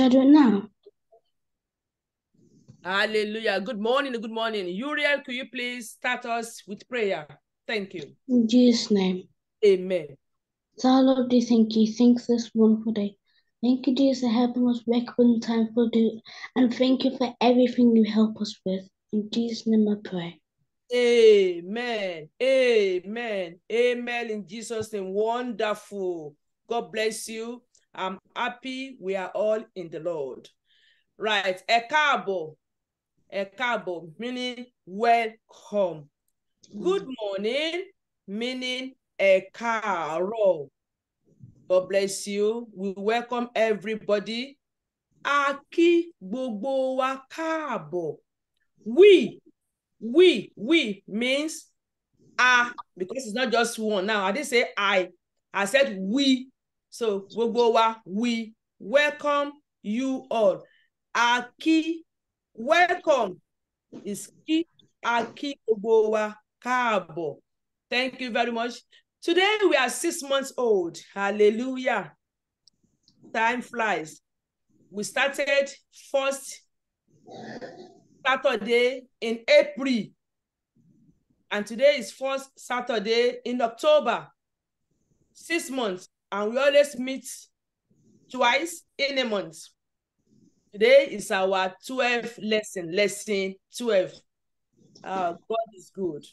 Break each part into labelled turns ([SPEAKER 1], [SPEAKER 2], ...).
[SPEAKER 1] children now.
[SPEAKER 2] Hallelujah. Good morning. Good morning. Uriel, could you please start us with prayer? Thank you.
[SPEAKER 1] In Jesus' name. Amen. So, Lord, you thank you. Thank this wonderful day. Thank you, Jesus, for helping us wake up in time for do. And thank you for everything you help us with. In Jesus' name I
[SPEAKER 2] pray. Amen. Amen. Amen. In Jesus' name. Wonderful. God bless you. I'm happy we are all in the Lord. Right. Ẹ káàbọ̀. Ẹ káàbọ̀ meaning welcome. Good morning meaning ẹ káàárọ̀. God bless you. We welcome everybody. Aki kí gbogbo wa káàbọ̀. We, we, we means ah because it's not just one now. I didn't say I. I said we So gbogbo wa we welcome you all. Aki welcome is kí a wa Thank you very much. Today we are six months old. Hallelujah. Time flies. We started first Saturday in April. And today is first Saturday in October. Six months and we always meet twice in a month. Today is our 12th lesson, lesson 12. Uh, God is good.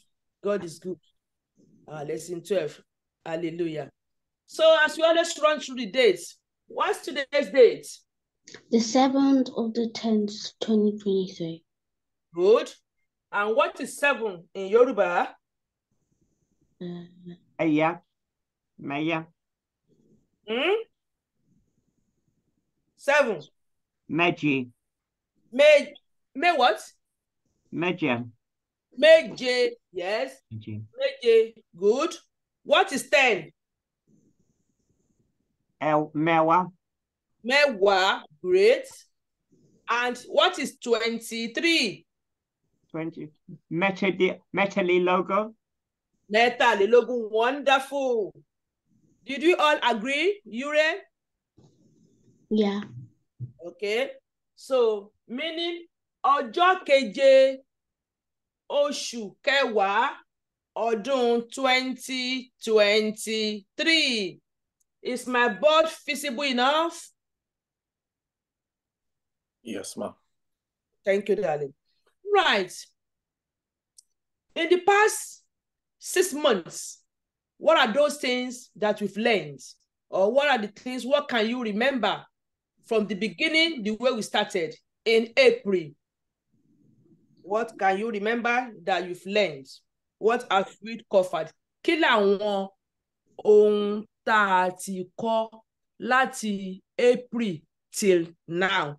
[SPEAKER 2] God is good. Uh, lesson 12. Hallelujah. So as we always run through the dates, what's today's date?
[SPEAKER 1] The 7th of the 10th, 2023.
[SPEAKER 2] Good. And what is 7 in Yoruba?
[SPEAKER 3] Uh, Aya. Maya.
[SPEAKER 2] Hmm? Seven.
[SPEAKER 3] Méje.
[SPEAKER 2] Méje. Me what? Méje. Méje. Yes. Méje. Good. What is ten?
[SPEAKER 3] El, mẹ́wàá.
[SPEAKER 2] Mẹ́wàá. Great. And what is 23?
[SPEAKER 3] 20. Metali logo.
[SPEAKER 2] Metali logo. Wonderful. Did you all agree, Yure? Yeah. Okay. So, meaning, ọjọ́ keje Oshu Kewa ọdún 2023. Is my board feasible enough? Yes, ma'am. Thank you, darling. Right. In the past six months, What are those things that you've learned? Or what are the things, what can you remember from the beginning, the way we started in April? What can you remember that you've learned? What have we covered? Kí làwọn ohun tá a ti kọ́ láti April till now?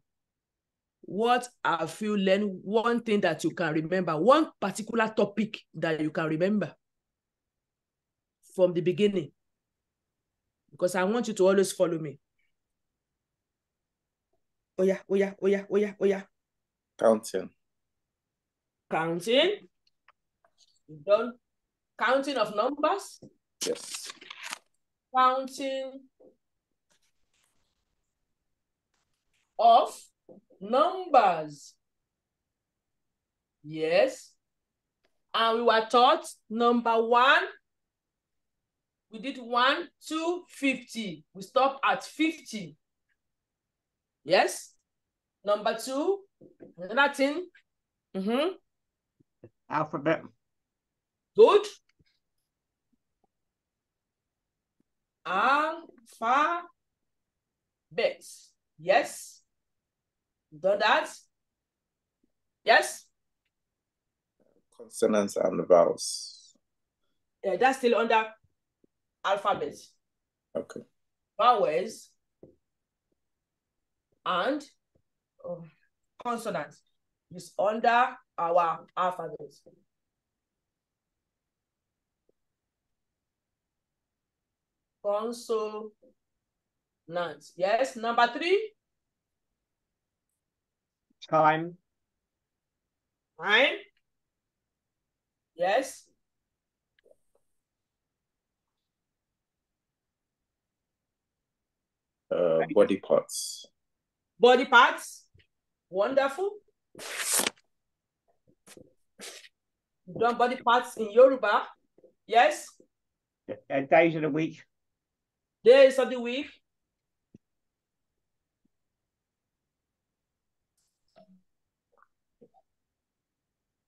[SPEAKER 2] What have you learned? One thing that you can remember, one particular topic that you can remember. from the beginning because I want you to always follow me. Oh yeah, oh yeah, oh yeah, oh yeah, oh yeah. Counting. Counting. You've done counting of numbers. Yes. Counting of numbers. Yes. And we were taught number one we did one, two, 50. We stop at 50. Yes? Number two, Latin. Mm-hmm.
[SPEAKER 3] Alphabet. Good.
[SPEAKER 2] Alphabet. Yes. Done that? Yes?
[SPEAKER 4] Consonants and vowels.
[SPEAKER 2] Yeah, that's still under alphabet. Okay. Vowels and oh, consonants is under our alphabet. Consonants, Yes, number three. Time. Time. Yes.
[SPEAKER 4] uh, body parts.
[SPEAKER 2] Body parts. Wonderful. you done body parts in Yoruba. Yes.
[SPEAKER 3] Uh, days of the week.
[SPEAKER 2] Days of the week.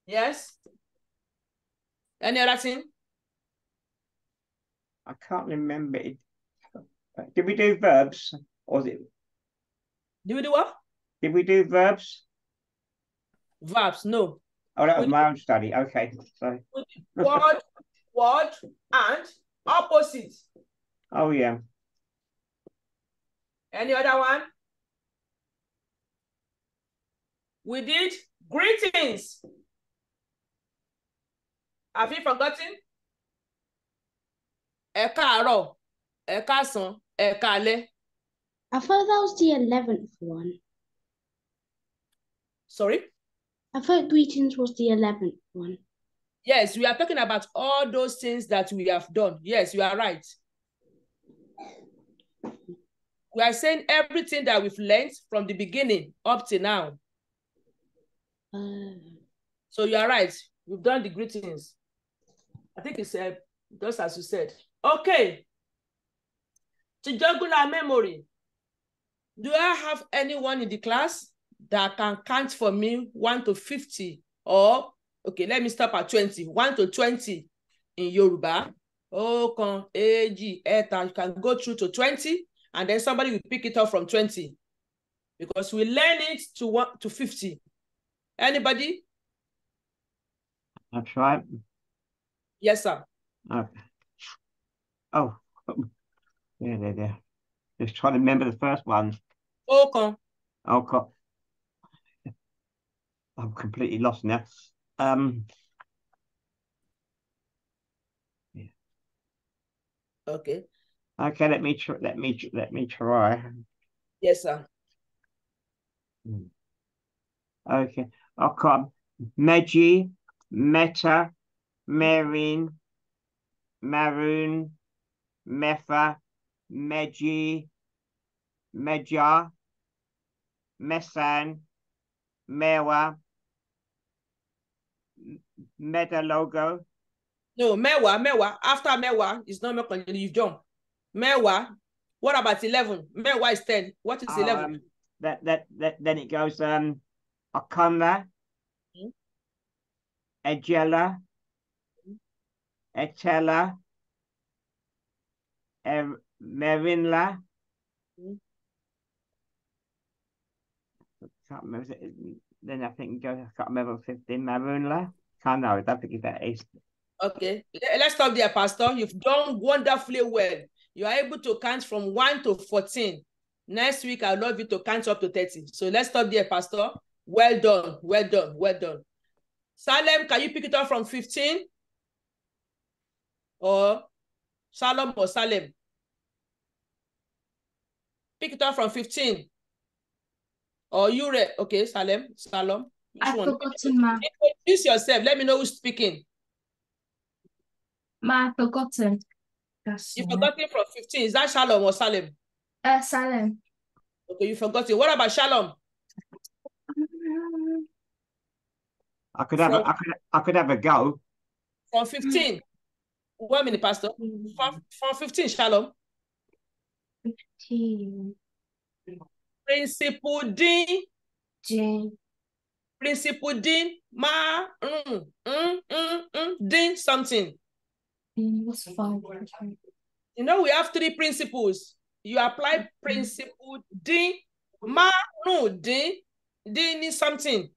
[SPEAKER 2] Yes. Any other thing?
[SPEAKER 3] I can't remember. It did we do verbs? Or did... did we do what? Did we do verbs? Verbs, no. Oh, that was we my own study. Okay, sorry.
[SPEAKER 2] Word, word, and opposite. Oh, yeah. Any other one? We did greetings. Have you forgotten? A carol ẹ káàsán ẹ Kale. I thought that was the eleventh one. Sorry?
[SPEAKER 1] I thought greetings was the eleventh one.
[SPEAKER 2] Yes, we are talking about all those things that we have done. Yes, you are right. We are saying everything that we've learned from the beginning up to now. Uh, so you are right. We've done the greetings. I think it's uh, just as you said. Okay. to our memory. Do I have anyone in the class that can count for me 1 to 50 or, okay, let me stop at 20, 1 to 20 in Yoruba? Okan, Eji, Eta, you can go through to 20 and then somebody will pick it up from 20 because we learn it to one to 50. Anybody? That's right. Yes, sir.
[SPEAKER 3] Okay. Oh, Yeah, there, there. Just trying to remember the first ones. Alcott. Alcott. I'm completely lost now. Um,
[SPEAKER 2] yeah. Okay.
[SPEAKER 3] Okay, let me try. let me let me try. Yes, sir. Hmm. Okay. Okay. Meji, Meta, Marine, Maroon, Metha, Meji, Meja, Mesan, Mewa, Metalogo. No, Mewa, Mewa. After Mewa, is not more. You've jumped. Mewa. What about 11? Mewa is 10. What is 11? Um, that, that, that, then it goes um, Akanda, hmm? Ejela, hmm? Etela, Mevin la hmm. Then I think I can't 15. Maroon la. Can't know. I think it's that eight. Okay.
[SPEAKER 2] Let's stop there, Pastor. You've done wonderfully well. You are able to count from 1 to 14. Next week, I'd love you to count up to 30. So let's stop there, Pastor. Well done. Well done. Well done. Salem, can you pick it up from 15? Or Salem or Salem? Pick it up from 15. Or you read, okay, Salem, Salom. I've one?
[SPEAKER 1] forgotten, ma.
[SPEAKER 2] Introduce yourself. Let me know who's speaking. Ma, I've forgotten. That's you forgotten from 15. Is that Shalom or Salem? Uh, Salem. Okay, you forgot it. What about Shalom?
[SPEAKER 3] I could have from, a, I could I could have a go.
[SPEAKER 2] From 15. Mm. One minute, Pastor. From, from 15, Shalom. P. Principal D. Dín. Principal dín Ma, ń ń ń ń something. Mm, five? You know, we have three principles. You apply principle D. Ma, no D. D need something.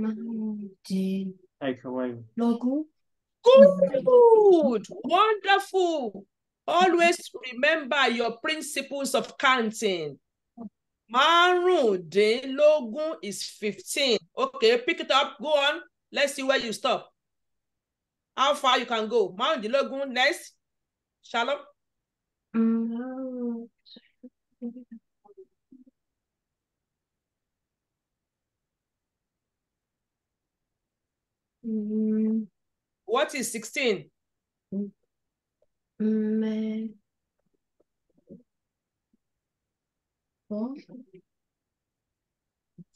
[SPEAKER 2] Máa ń
[SPEAKER 5] dín. Take Good.
[SPEAKER 2] Logo. Good. Wonderful. Always remember your principles of counting. Márùndínlógún is 15. Okay, pick it up. Go on. Let's see where you stop. How far you can go. Márùndínlógún, next. Shalom. Mm-hmm. What is 16? Me...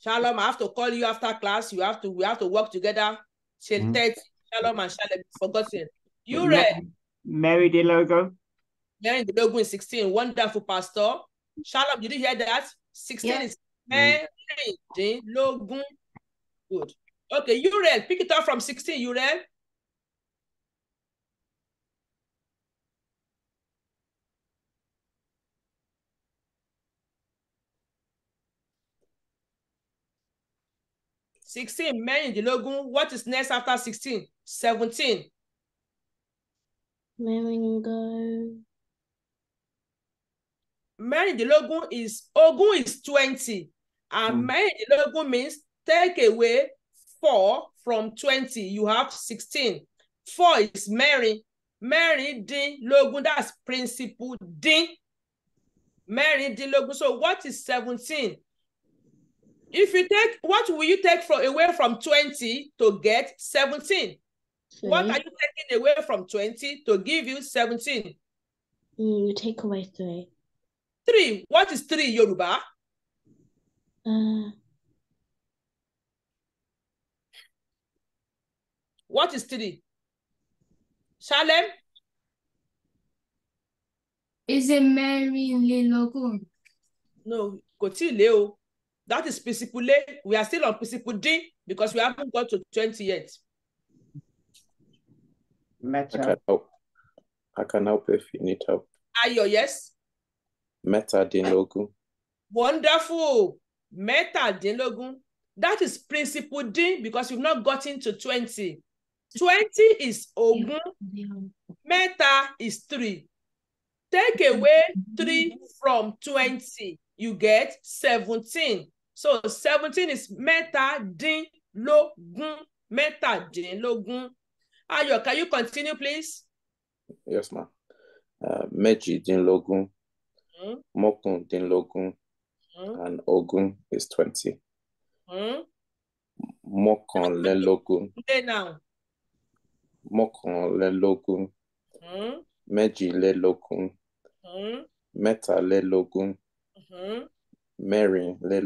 [SPEAKER 2] Shalom, I have to call you after class. You have to we have to work together. Till mm. 30. Shalom and Shalom forgotten. You read
[SPEAKER 3] Mary the logo.
[SPEAKER 2] Mary the logo in 16. Wonderful pastor. Shalom, you did hear that? 16 yeah. is Mary the logo. Good. Okay, you read. Pick it up from 16, you read. sixteen mẹ́rìndínlógún what is next after sixteen? sixteen seventeen. mẹ́rìndínlógún. mẹ́rìndínlógún is ogún is twenty and mm. mẹ́rìndínlógún means take away four from twenty you have sixteen. Four is mẹ́rin mẹ́rìndínlógún that's principal dín mẹ́rìndínlógún so what is seventeen if you take, what will you take from away from 20 to get 17? what are you taking away from 20 to give you 17? Mm, you take away three. Three. What is three, Yoruba? Uh, what is three? Shalem?
[SPEAKER 1] Is it Mary in Lilogun?
[SPEAKER 2] No, kò tí that is principle A. We are still on principle D because we haven't got to 20 yet. Meta. I
[SPEAKER 4] can help. I can help if you need help.
[SPEAKER 2] Ayo, yes.
[SPEAKER 4] Metadinlogun.
[SPEAKER 2] Wonderful. Metadinlogun. That is principle D because we've not gotten to 20. 20 is ogun. Meta is 3. Take away 3 from 20. You get 17. so seventeen is mẹ́tàdínlógún mẹ́tàdínlógún Ayọ̀ can you continue please.
[SPEAKER 4] yes ma uh, méjìdínlógún mm. mọ́kàndínlógún mm. and ogún is twenty. Mm. mọ́kànlélógún mọ́kànlélógún hmm. méjìlélógún hmm. mẹ́tàlélógún. Mm-hmm. Mary Mary le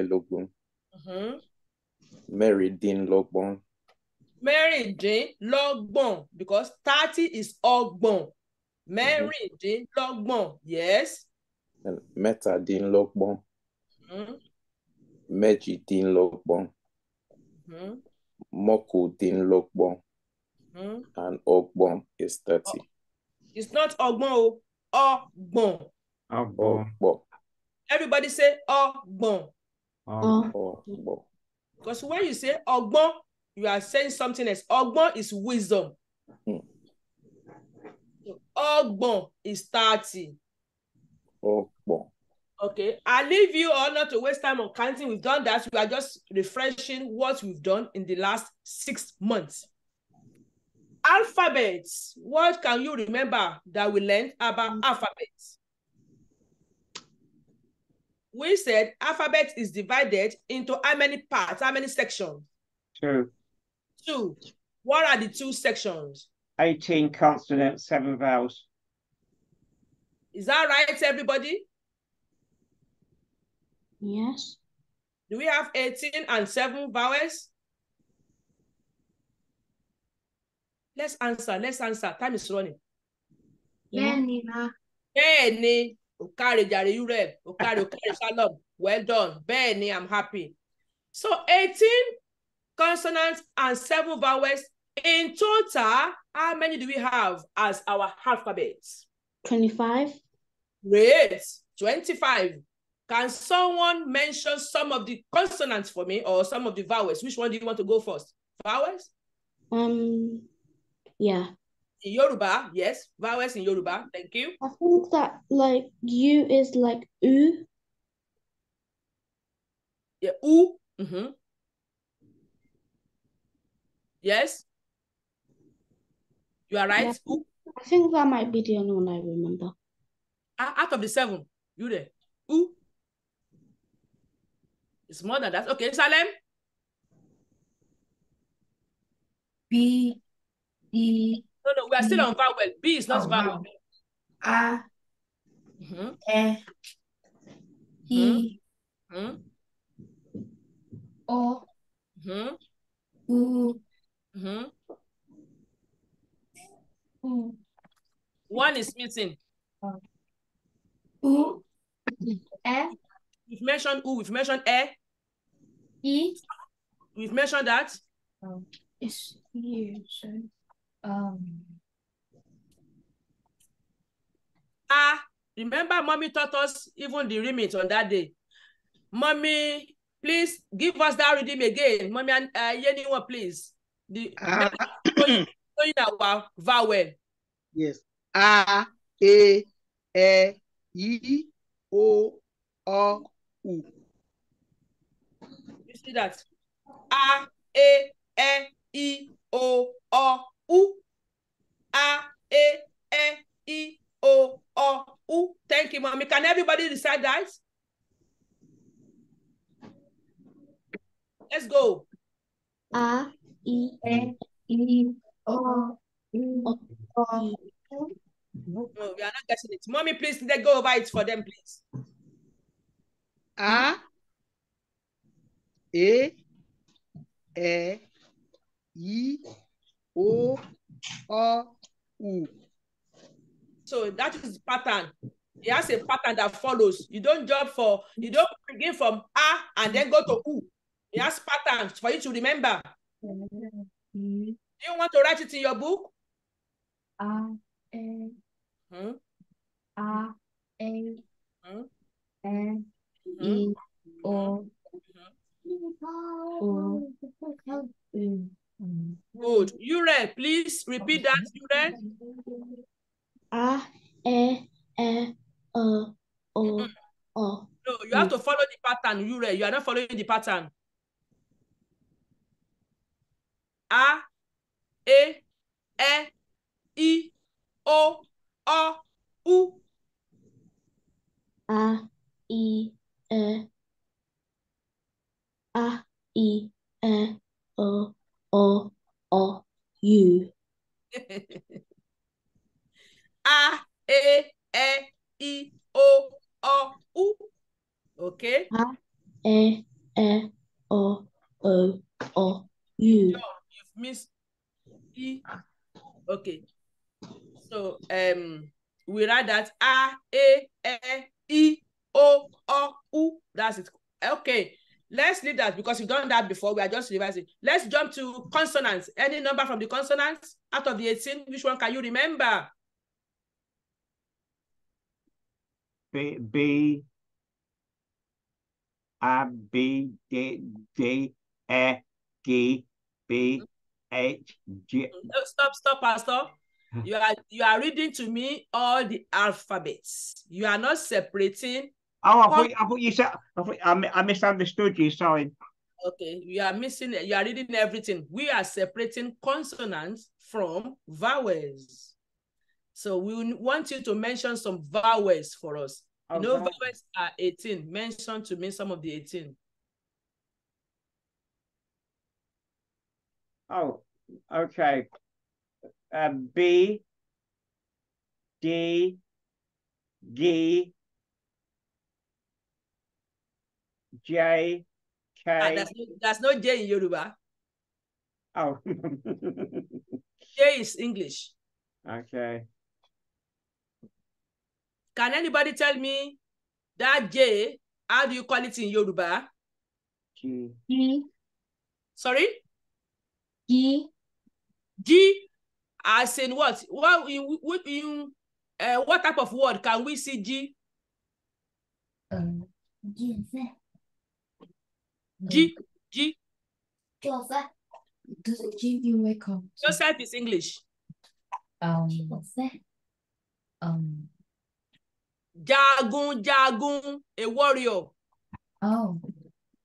[SPEAKER 4] le Dean logbon.
[SPEAKER 2] Mary Dean logbon because thirty is ọgbọ̀n mm-hmm. logbon yes.
[SPEAKER 4] And Dean mm-hmm. Dean logbon. Mm-hmm. logbon. mẹ́tàdínlọ́gbọ̀n méjìdínlọ́gbọ̀n Hmm. and ọgbọ̀n is thirty.
[SPEAKER 2] it's not ọgbọ́n o ọgbọ́n.
[SPEAKER 4] ọgbọ́n.
[SPEAKER 2] everybody say ọgbọ́n.
[SPEAKER 4] ọgbọ́n.
[SPEAKER 2] because when you say ọgbọ́n you are saying something else ọgbọ́n is wisdom. Hmm. ọgbọ́n is thirty.
[SPEAKER 4] ọgbọ́n.
[SPEAKER 2] Okay, I leave you all not to waste time on counting. We've done that. We are just refreshing what we've done in the last six months. alphabets. What can you remember that we learned about mm. alphabets? We said alphabet is divided into how many parts, how many sections? Two. Two. What are the two sections?
[SPEAKER 3] 18 consonants, seven vowels.
[SPEAKER 2] Is that right, everybody? Yes. Do we have 18 and seven vowels? let's answer let's answer time is running. bẹ́ẹ̀ni ma. bẹ́ẹ̀ni okare jare shalom well done Benny. i i'm happy. so eighteen consonants and seven vowels in total how many do we have as our alphabet.
[SPEAKER 1] twenty-five.
[SPEAKER 2] great twenty-five. Can someone mention some of the consonants for me or some of the vowels? Which one do you want to go first? Vowels?
[SPEAKER 1] Um, yeah.
[SPEAKER 2] In Yoruba, yes, vowels in Yoruba. Thank you. I
[SPEAKER 1] think that like U is like U.
[SPEAKER 2] Yeah, U. Mm-hmm. Yes. You are right. Yeah. U. I think that might be the only one I remember. Ah, out of the seven, you there? U. It's more than that. Okay, Salem. B. B. No, no, we are still on vowel. B is not oh, vowel. A. Mm-hmm. E. Hmm?
[SPEAKER 1] I. Mm-hmm. O. Mm-hmm. U. Mm-hmm.
[SPEAKER 2] U. One is missing. U. E. We've mentioned U. We've mentioned E. E. We've mentioned that. Oh, it's here. Sorry. Um, ah, remember, mommy taught us even the remit on that day. Mommy, please give us that redeem again. Mommy and uh, anyone, please. The, uh, ah. showing our vowel.
[SPEAKER 6] Yes. A, E, E,
[SPEAKER 2] I, O, O, U. You see that? A, E, E, I, O, O, U, A, E E, E, O, O, U. Thank you, mommy. Can everybody recite that? Let's go.
[SPEAKER 1] A, E, E,
[SPEAKER 2] O, O, O. No, we are not getting it. Mommy, please, let go over it for them, please. A, E, E, I, O, O, U. So that is pattern. It has a pattern that follows. You don't jump for, you don't begin from A and then go to U. It has patterns for you to remember. Do you want to write it in your book? A, N, e, hmm? A, N, e, hmm? N, E, hmm? O, O, O, O, O, Good. Urel, please repeat that, Urel.
[SPEAKER 1] A, E, E,
[SPEAKER 2] O, O, O. No, you have to follow the pattern, Urel. You are not following the pattern. A, E, E, I, O, O, U. A, e E.
[SPEAKER 1] A, e E, O, O O U.
[SPEAKER 2] A E E I O O U. Okay. A E
[SPEAKER 1] E O O O U. you've
[SPEAKER 2] missed E. Okay. So um we write that A E E I O O U. That's it. Okay. Let's leave that because we've done that before. We are just revising. Let's jump to consonants. Any number from the consonants out of the 18, which one can you remember?
[SPEAKER 3] B, B, A, B, D, D, E, G, B, H, G.
[SPEAKER 2] stop, stop, Pastor. You are you are reading to me all the alphabets. You are not separating
[SPEAKER 3] Oh, I thought, I thought you said I, thought, I, I misunderstood you. Sorry.
[SPEAKER 2] Okay, you are missing. You are reading everything. We are separating consonants from vowels. So we want you to mention some vowels
[SPEAKER 3] for us. Okay. No
[SPEAKER 2] vowels are 18. Mention to me some of the 18.
[SPEAKER 3] Oh, okay. Uh, B, D, G, J K. Ah, that's,
[SPEAKER 2] no, that's no J in Yoruba. Oh. J is English. Okay. Can anybody tell me that J, how do you call it in Yoruba? G. G. Sorry? G. G as in what? What in, in uh, what type of word can we see G?
[SPEAKER 1] Um, G. G, um, G. Joseph. G, you wake up.
[SPEAKER 2] Joseph is English. Um, Joseph. Um. Jagun, jagun, a warrior. Oh.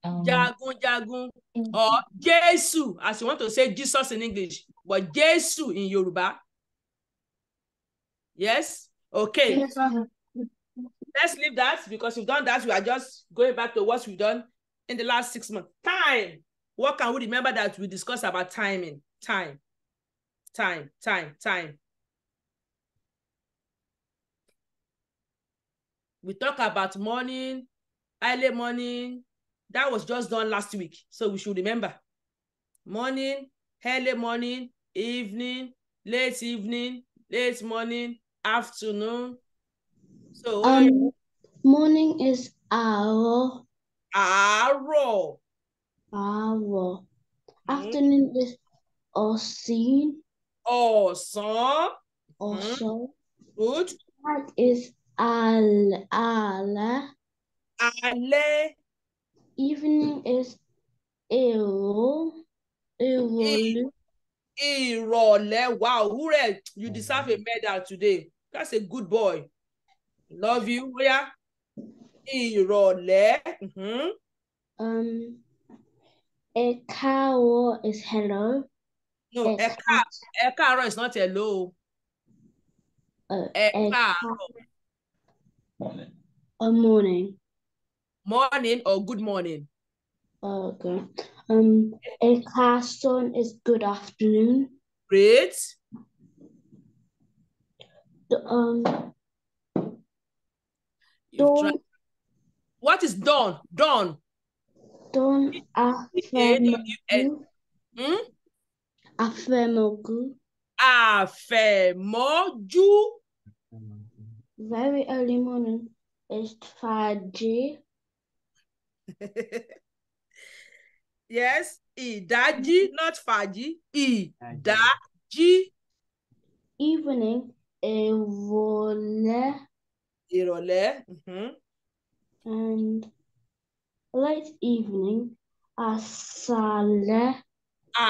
[SPEAKER 2] Um, jagun, jagun. Or Jesu, as you want to say Jesus in English, but Jesu in Yoruba. Yes? Okay. Yes, Let's leave that because we've done that. We are just going back to what we've done. in the last six months. Time. What can we remember that we discussed about timing? Time, time, time, time. We talk about morning, early morning. That was just done last week. So we should remember morning, early morning, evening, late evening, late morning, afternoon. So
[SPEAKER 1] um, morning is our. Àárọ̀. Àárọ̀. Hmm. Afternoon is ọ̀sìn. Ọ̀sán. Ọ̀sán. Hmm. Good. Night is al ala, Alẹ́. Evening is
[SPEAKER 2] èrò. Ìrọ̀lẹ́. Ìrọ̀lẹ́. Wow, Wúrẹ̀, you deserve a medal today. That's a good boy. Love you. Yeah. Ìrọ̀lẹ́. Mm-hmm. Um, ẹ káàárọ̀ is hello. No, ẹ ká is not hello. Ẹ uh, káàárọ̀. morning. Morning or good morning. Oh, okay.
[SPEAKER 1] Um, ẹ káàsán is good
[SPEAKER 2] afternoon. Great. The, um, don't What is done? Done. Done afẹ̀mọ́gún. Hmm? Afẹ̀mọ́gún. Àfẹ̀mọ́jú. Very early morning. It's Ìfàjì. yes, ìdájí, not fàjì. Ìdájí. Evening, ìrọ̀lẹ́. Ìrọ̀lẹ́. Mm -hmm.
[SPEAKER 1] and late evening, aṣálẹ́.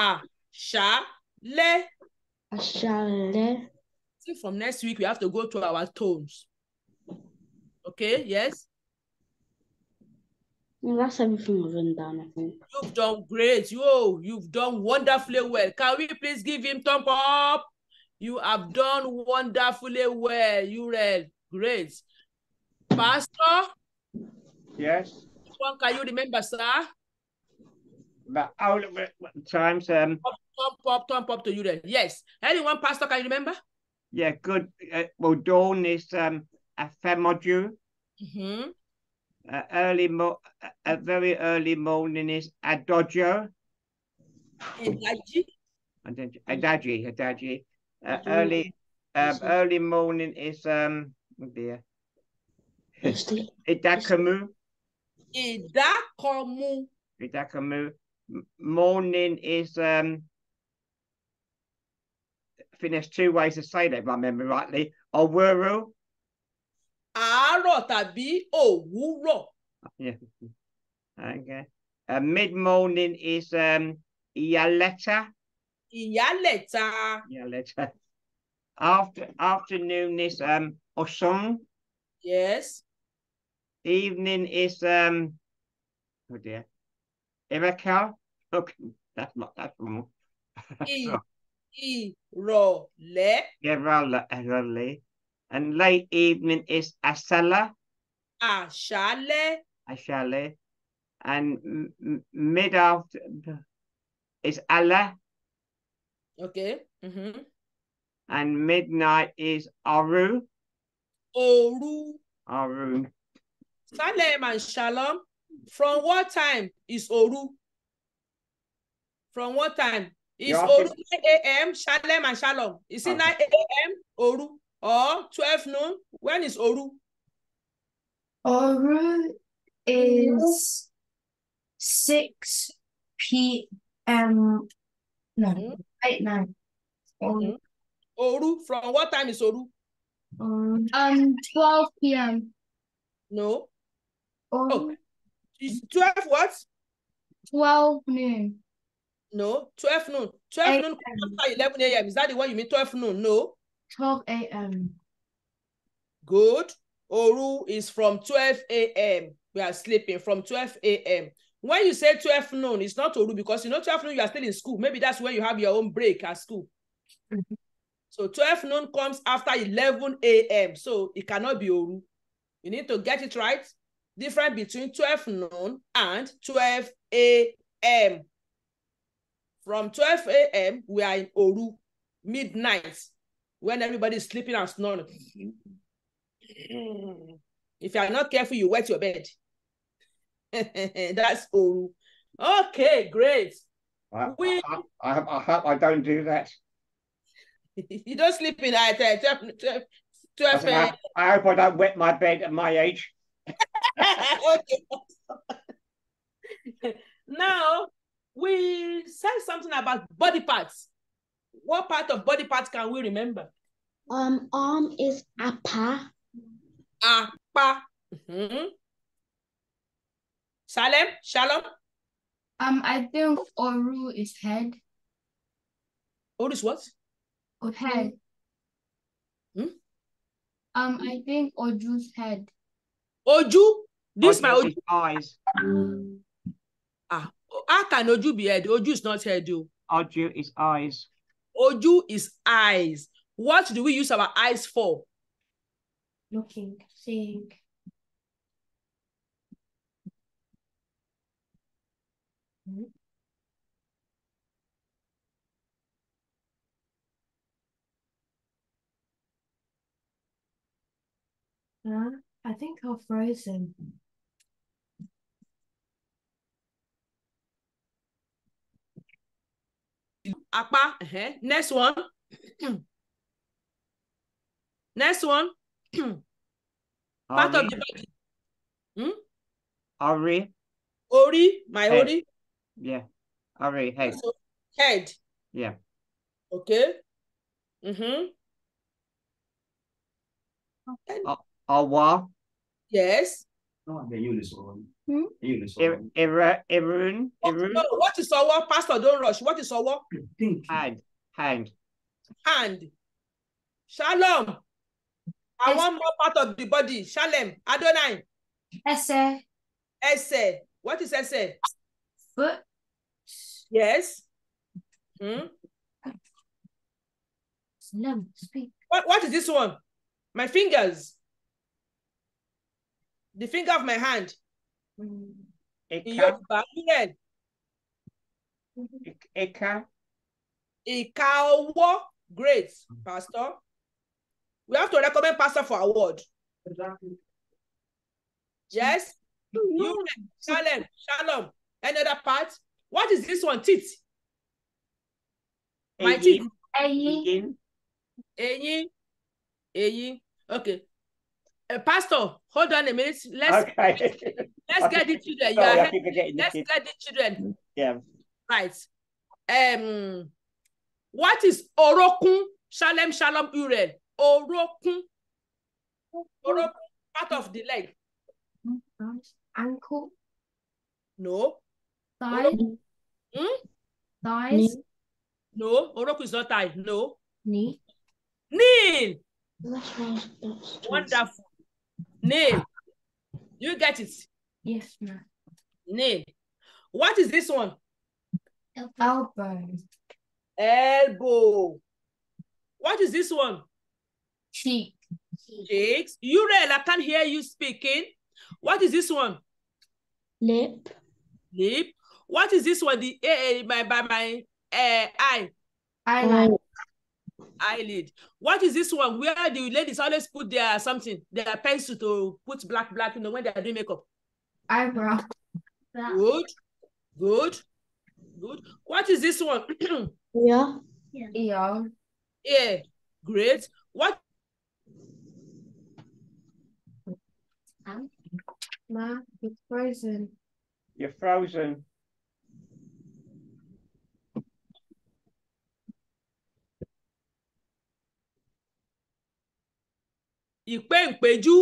[SPEAKER 2] Aṣálẹ́.
[SPEAKER 1] Aṣálẹ́.
[SPEAKER 2] So from next week, we have to go to our tones. Okay, yes?
[SPEAKER 1] Well, that's everything have done, I think.
[SPEAKER 2] You've done great. Yo, you've done wonderfully well. Can we please give him thumb up? You have done wonderfully well. You read great. Pastor, Yes. Which one can you remember, sir?
[SPEAKER 3] But all of times um pop
[SPEAKER 2] pop pop pop to you then. Yes. Anyone, Pastor, can you remember?
[SPEAKER 3] Yeah, good. Uh, well, dawn is um a femodue. Mm-hmm. Uh, early mo a very early morning is adojo. Adagi. Adagi. Adagi.
[SPEAKER 2] Uh, early
[SPEAKER 3] um, early morning is um oh dear.
[SPEAKER 2] Ìdákanmu.
[SPEAKER 3] Ìdákanmu. Morning is um, I think there's two ways to say that if I remember rightly. Òwúrọ̀. Àárọ̀ tàbí òwúrọ̀. Yeah. Okay. Uh, mid morning is um ìyálẹ̀ta. Ìyálẹ̀ta. Ìyálẹ̀ta. After afternoon is um Osong. Yes evening is um oh dear. Ireka? Okay, that's not that's wrong. Irole. Irole. Eh, and late evening is asala.
[SPEAKER 2] Ashale.
[SPEAKER 3] Ashale. And mid after is Allah.
[SPEAKER 2] Okay. Mm -hmm.
[SPEAKER 3] And midnight is Aru.
[SPEAKER 2] Oru. Aru. Salem and Shalom, from what time is Oru? From what time? Is Oru 9 a.m. Shalem and Shalom? Is it okay. Ah. 9 a.m. Oru or 12 noon? When is Oru?
[SPEAKER 1] Oru is 6
[SPEAKER 2] p.m. No, mm -hmm. 8, 9. Mm -hmm. Oru, from what time is Oru? Um, 12 p.m. No, um, oh, mm. 12 what? 12 noon. No, 12 noon. 12 noon after 11 a.m. Is that the one you mean 12 noon? No. 12 a.m. Good. Oru is from 12 a.m. We are sleeping from 12 a.m. When you say 12 noon, it's not Oru because you know 12 noon you are still in school. Maybe that's when you have your own break at school. Mm-hmm. So 12 noon comes after 11 a.m. So it cannot be Oru. You need to get it right difference between 12 noon and 12 a.m. From 12 a.m., we are in Oru, midnight, when everybody is sleeping and snoring. If you are not careful, you wet your bed. That's Oru. Okay, great. I, we, I,
[SPEAKER 3] I, I, hope I don't do that.
[SPEAKER 2] you don't sleep in at uh, 12, 12, I,
[SPEAKER 3] I hope I don't wet my bed at my age
[SPEAKER 2] okay. now we said something about body parts. What part of body parts can we remember? Um, arm is apa. Apa. Mm-hmm. Salem, Shalom.
[SPEAKER 1] Um, I think Oru is head. Oru is what? Or head. Hmm? Um, I think Oju's head.
[SPEAKER 2] Oju? This my own eyes. Ah, how can Oju be head? Oju is not head. Oh. Oju is eyes. Oju is eyes. What do we use our eyes for? Looking, seeing.
[SPEAKER 6] Hmm?
[SPEAKER 1] Uh, I
[SPEAKER 2] think I've frozen. apá. Uh-huh. Next one. Next one.
[SPEAKER 3] Part of the body. Hmm? Ori.
[SPEAKER 2] Ori, my head. Ori.
[SPEAKER 3] Yeah. Ori, head. So, head. Yeah. Okay. Mm-hmm. Awa. Yes.
[SPEAKER 2] Èrún.
[SPEAKER 3] Hmm? Er,
[SPEAKER 2] what is ọwọ́? Pastor don't rush. What is ọwọ́? Hand. Hand. Hand. Shalom. I want more part of the body. Shalom. Adonai. Ẹsẹ̀. Ẹsẹ̀. What is ẹsẹ̀? Foot. Yes. Hmm? Shalom. Speak. What, what is this one? My fingers the finger of my hand. Mm-hmm. Yorùbá Eka. E-, eka. Ìka ọwọ́ great pastor. We have to recommend pastor for award. Exactly. Yes. No. Mm-hmm. You shalom shalom. Another part? What is this one? Teeth. My teeth. Eyín. Eyín. Eyín. Okay. Uh, pastor. Hold on a minute. Let's okay. let's okay. get the children. Sorry, you are Let's kid. get the children. Yeah. Right. Um, what is orokun? Shalem shalom urel. Orokun. Orokun, part of the leg. Ankle. No. Thigh.
[SPEAKER 1] Hmm? Thighs.
[SPEAKER 2] No. Orokun is not thigh. No. Knee. Knee. Wonderful. Name. You get it? Yes, ma'am. Name. What is this one? Elbow. Elbow. What is this one? Cheek. Cheeks. Urel, I can't hear you speaking. What is this one? Lip. Lip. What is this one? The uh, my by my uh, eye. Eyelid eyelid. What is this one where the ladies always put their something, their pencil to put black, black, you know, when they are doing makeup? Eyebrow. Good, good, good. What is this one? yeah. Yeah. Yeah. Great. What?
[SPEAKER 1] My, you're frozen.
[SPEAKER 3] You're frozen.
[SPEAKER 2] ìpéǹpéjú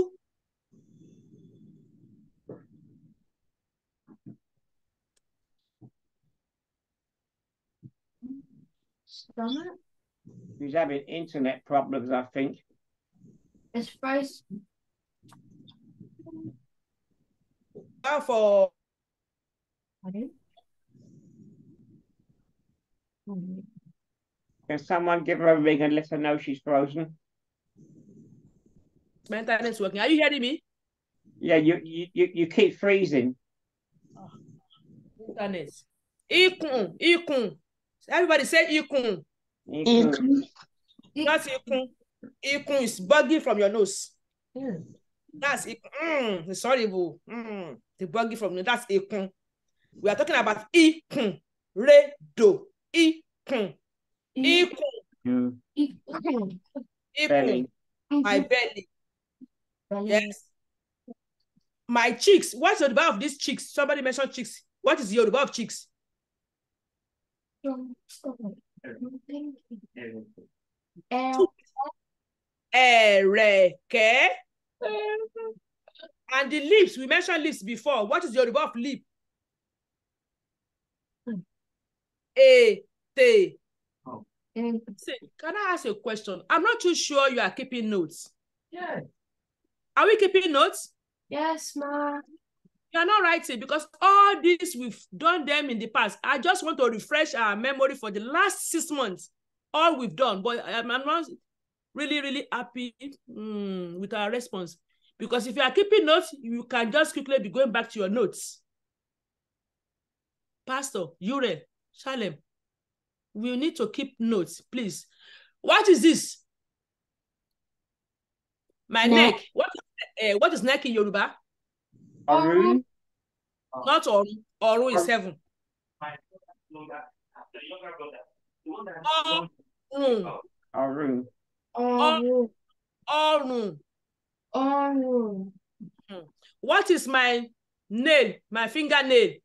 [SPEAKER 1] stomach.
[SPEAKER 3] He's having internet problems, I think.
[SPEAKER 2] It's frozen. Now for.
[SPEAKER 3] Can someone give her a ring and let her know she's frozen?
[SPEAKER 2] My internet's working. Are you hearing me?
[SPEAKER 3] Yeah, you you you, you keep freezing. Oh,
[SPEAKER 2] internet. Ikun, ikun. Everybody say ikun.
[SPEAKER 3] Ikun.
[SPEAKER 2] That's ikun. Ikun is buggy from your nose. Mm. That's ikun. Mm, it's horrible. Mm, the buggy from your. That's ikun. We are talking about ikun. Redo. Ikun. Ikun. Ikun. Hmm. Ikun. My belly. Yes. My cheeks. What's your above of these cheeks? Somebody mentioned cheeks. What is your above of cheeks? Ẹ̀rẹ̀kẹ́. And the lips, we mentioned lips before. What is your above of lip? Ètè. Oh. Can I ask you a question? I'm not too sure you are keeping notes. Yeah. Are we keeping notes? Yes, ma'am. You are not writing because all this we've done them in the past. I just want to refresh our memory for the last six months, all we've done. But I'm not really, really happy mm, with our response because if you are keeping notes, you can just quickly be going back to your notes. Pastor, Yure, Shalem, we need to keep notes, please. What is this? My neck. neck. uh, what is neck in Yoruba? Ọ̀run. Oh. Oh. Not ọ̀run. Ọ̀run is oh. seven.
[SPEAKER 1] Ọ̀run.
[SPEAKER 3] Ọ̀run.
[SPEAKER 2] Ọ̀run. Ọ̀run. Hmm. What is my nail? My fingernail?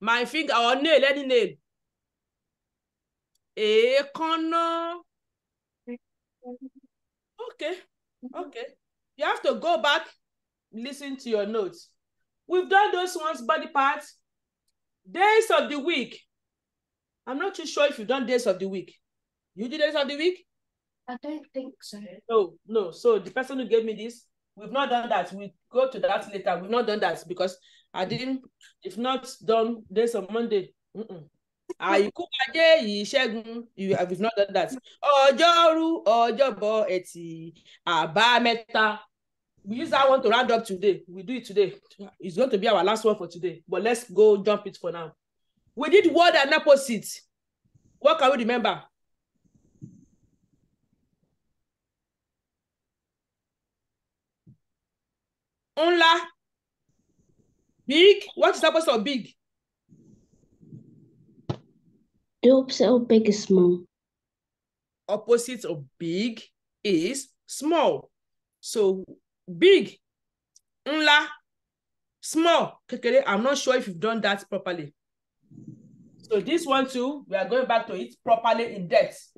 [SPEAKER 2] My finger or nail, any nail èékánná. Okay, mm-hmm. okay. You have to go back, listen to your notes. We've done those ones, body parts. Days of the week. I'm not too sure if you've done days of the week. You did days of the week? I don't think so. No, no. So the person who gave me this, we've not done that. We go to that later. We've not done that because I didn't, if not done days on Monday. Mm -mm àìkú ajé yìí ṣẹ́gun you have not done that ọjọ́rú ọjọ́bọ̀ ẹtì àbámẹ́ta we use that one to round up today we do it today it's going to be our last one for today but let's go jump it for now we did word and opposite what can we remember. ńlá big what is the opposite of big.
[SPEAKER 1] The opposite of big is small.
[SPEAKER 2] Opposite of big is small. So big, ńlá, small, kékeré. I'm not sure if you've done that properly. So this one too, we are going back to it properly in depth.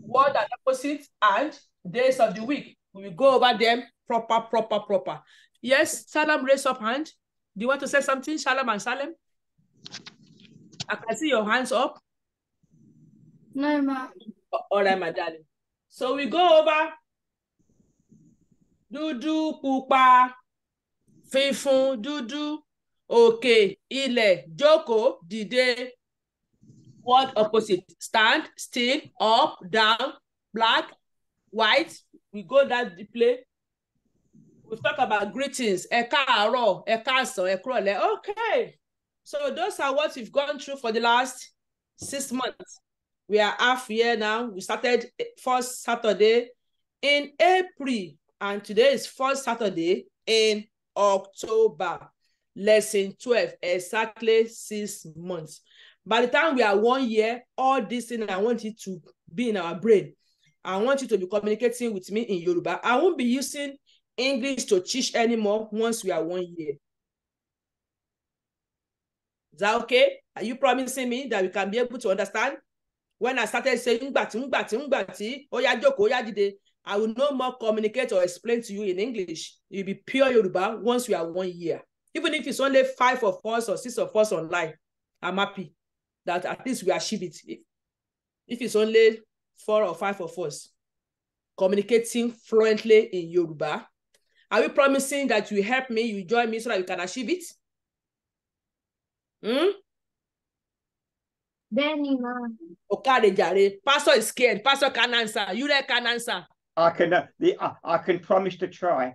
[SPEAKER 2] Word are opposite and days of the week. We will go over them proper, proper, proper. Yes, Salam, raise up hand. Do you want to say something, Shalom and Salem? I can see your hands up. No, ma. All right, my darling. So we go over dúdú pupa funfun dúdú Okay, ilẹ̀ Joko dìde What opposite stand still up down black white we go that deeply. we talk about greetings ẹ káàárọ̀ ẹ káàsán ẹ kúrọ̀lẹ́ okay so those are what we've gone through for the last six months We are half year now. We started eh, first Saturday in April, and today is first Saturday in October. Lesson 12, exactly six months. By the time we are one year, all this thing I want it to be in our brain. I want you to be communicating with me in Yoruba. I won't be using English to teach anymore once we are one year. Is that okay? Are you promising me that we can be able to understand? when I started saying ngbàtí ngbàtí ngbàtí ó yá jókòó ó I will no more communicate or explain to you in English you will be pure Yoruba once we are one year even if it's only five of us or six of us online I'm happy that at least we achieve it if it's only four or five of us communicating fluently in Yoruba are you promising that you help me you join me so that you can achieve it? Hmm? Bẹ́ẹ̀ ni ma. pastor is scared. Pastor can answer. You there can answer.
[SPEAKER 3] I can. Uh, the, uh, I can promise to try.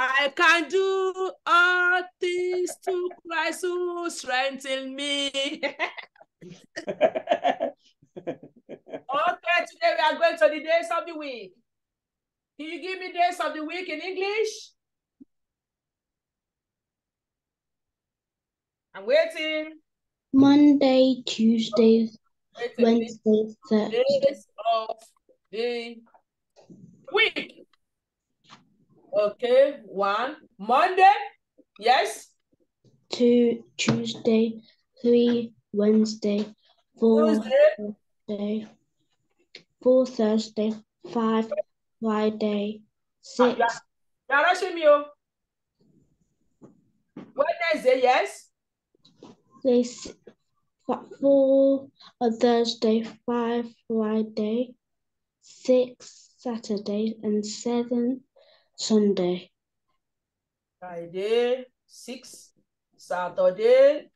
[SPEAKER 2] I can do all things to Christ who strengthens me. okay, today we are going to the days of the week. Can you give me days of the week in English? I'm waiting.
[SPEAKER 1] Monday, Tuesday, waiting. Wednesday, Thursday.
[SPEAKER 2] Days of the week. Okay, one. Monday, yes. Two, Tuesday, three, Wednesday,
[SPEAKER 1] four, Tuesday. Thursday, four, Thursday, five, Friday, six.
[SPEAKER 2] Yara Shemio. Oh. Wednesday, yes.
[SPEAKER 1] They four on Thursday, five Friday, six Saturday, and seven Sunday.
[SPEAKER 2] Friday, six Saturday,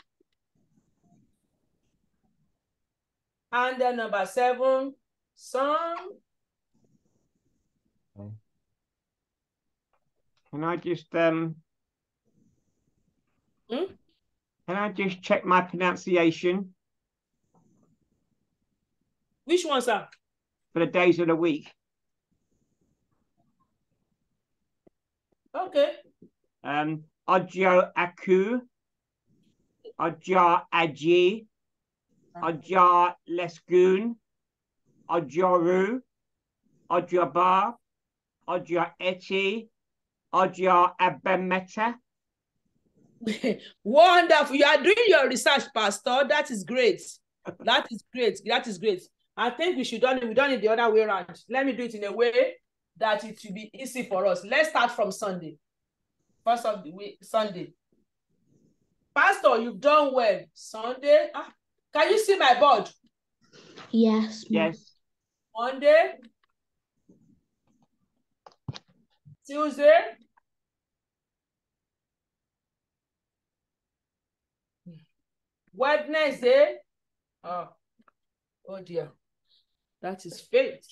[SPEAKER 2] and then number seven, Sun.
[SPEAKER 3] Can I just um? Hmm? Can I just check my pronunciation? Which one, sir? For the days of the week. Okay. Um, Ajo Aku, Ajar Aji, Ajar Lesgun, Ajaru, Ajabar, Ajar Eti, Ajar Abemeta,
[SPEAKER 2] Wonderful. You are doing your research, Pastor. That is great. That is great. That is great. I think we should done it. We done it the other way around. Let me do it in a way that it will be easy for us. Let's start from Sunday. First of the week, Sunday. Pastor, you've done well. Sunday. Ah, can you see my board?
[SPEAKER 1] Yes. Yes.
[SPEAKER 2] Monday. Tuesday. Wednesday. Oh, oh dear. That is fate.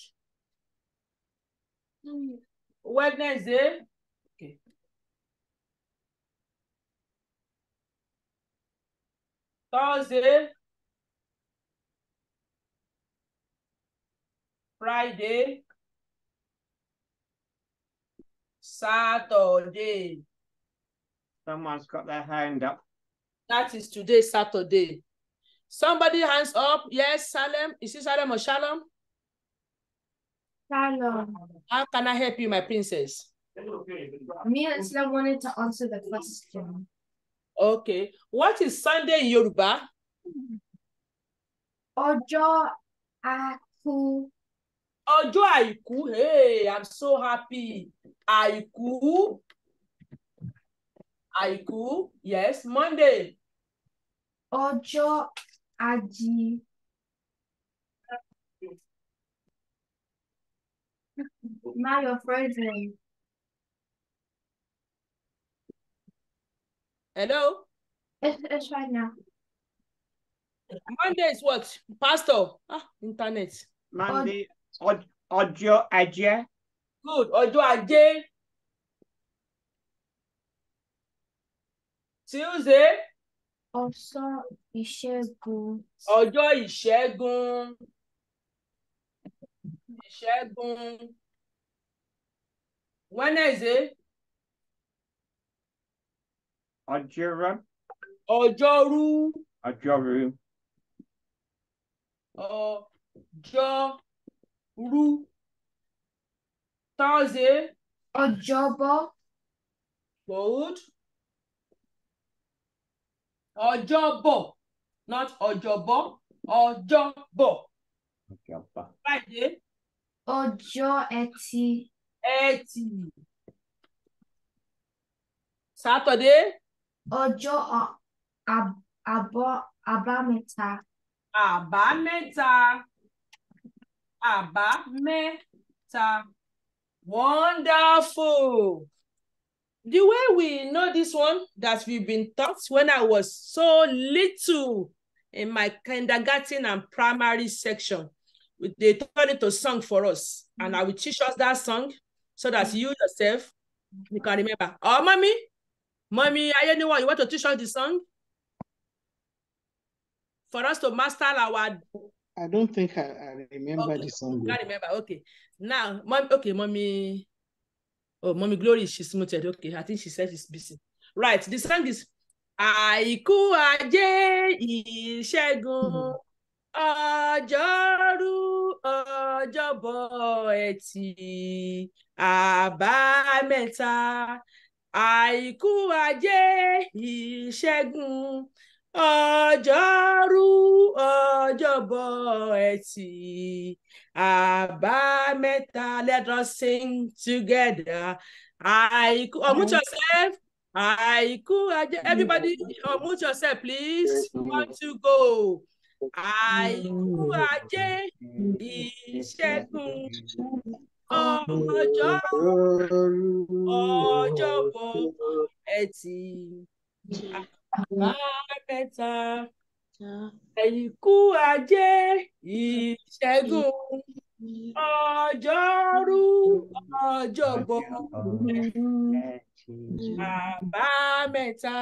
[SPEAKER 2] Wednesday. Okay. Thursday. Friday. Saturday. Someone's got their
[SPEAKER 3] hand up.
[SPEAKER 2] That is today, Saturday. Somebody hands up. Yes, Salem. Is it Salem or Shalom? Shalom. How can I help you, my princess? Me and Shalom wanted to answer the question. Okay. What is Sunday in Yoruba? Ojo Àìkú. Ojo Àìkú. Hey, I'm so happy. Àìkú. Àìkú. Yes, Monday ọjọ́ ajì
[SPEAKER 1] now you're frozen.
[SPEAKER 2] Hello? Let's, let's try now. Monday is what? Pastor. Ah, internet. Monday. Ọjọ́ Ajé. Good. Ọjọ́ Ajé. Tuesday ọjọ́ ìṣẹ́gun. ọjọ́ ìṣẹ́gun. ìṣẹ́gun. Wednesday.
[SPEAKER 3] ọjọ́rú. ọjọ́rú. ọjọ́rú.
[SPEAKER 2] ọjọ́rú. Thursday. ọjọ́bọ̀. Good ọjọ́bọ̀ not ọjọ́bọ̀ ọjọ́bọ̀ friday ọjọ́ ẹtì ẹtì saturday ọjọ́ àbọ̀ àbámẹ́ta àbámẹ́ta àbámẹ́ta wonderful the way we know this one that we've been taught when I was so little in my kindergarten and primary section, they turned it to song for us, and I will teach us that song so that you yourself you can remember. Oh, mommy, mommy, are you anyone you want to teach us the song for us to master our?
[SPEAKER 6] I don't think I,
[SPEAKER 2] I remember okay. the song. I remember. Okay, now, mom. Okay, mommy oh mommy glory she's muted okay i think she said she's busy right the song is àìkú ajé ìṣẹ́gun ọjọ́rú ọjọ́bọ̀ ẹtì àbámẹ́ta àìkú ajé ìṣẹ́gun ọjọ́rú ọjọ́bọ̀ ẹtì Abba Meta, let us sing together. I unmute yourself. I could everybody unmute yourself, please. Want to go. Àìkú ajé ìṣẹ́gun ọjọ́
[SPEAKER 1] ọjọ́bọ̀
[SPEAKER 2] ẹtì àbámẹ́ta. àìkú ajé ìṣẹ́gun ọjọ́rú ọjọ́bọ̀ àbámẹ́ta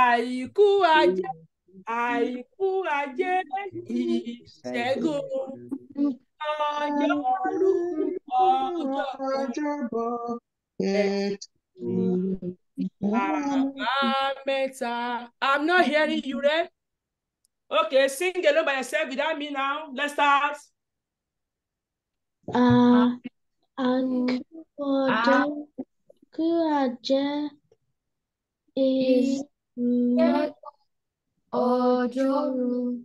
[SPEAKER 2] àìkú ajé àìkú ajé ìṣẹ́gun ọjọ́rú ọjọ́bọ̀ àbámẹ́ta. I'm not hearing you, Rev. Okay, sing along by yourself without me now. Let's start.
[SPEAKER 1] Uh, and for the courage is ojoru,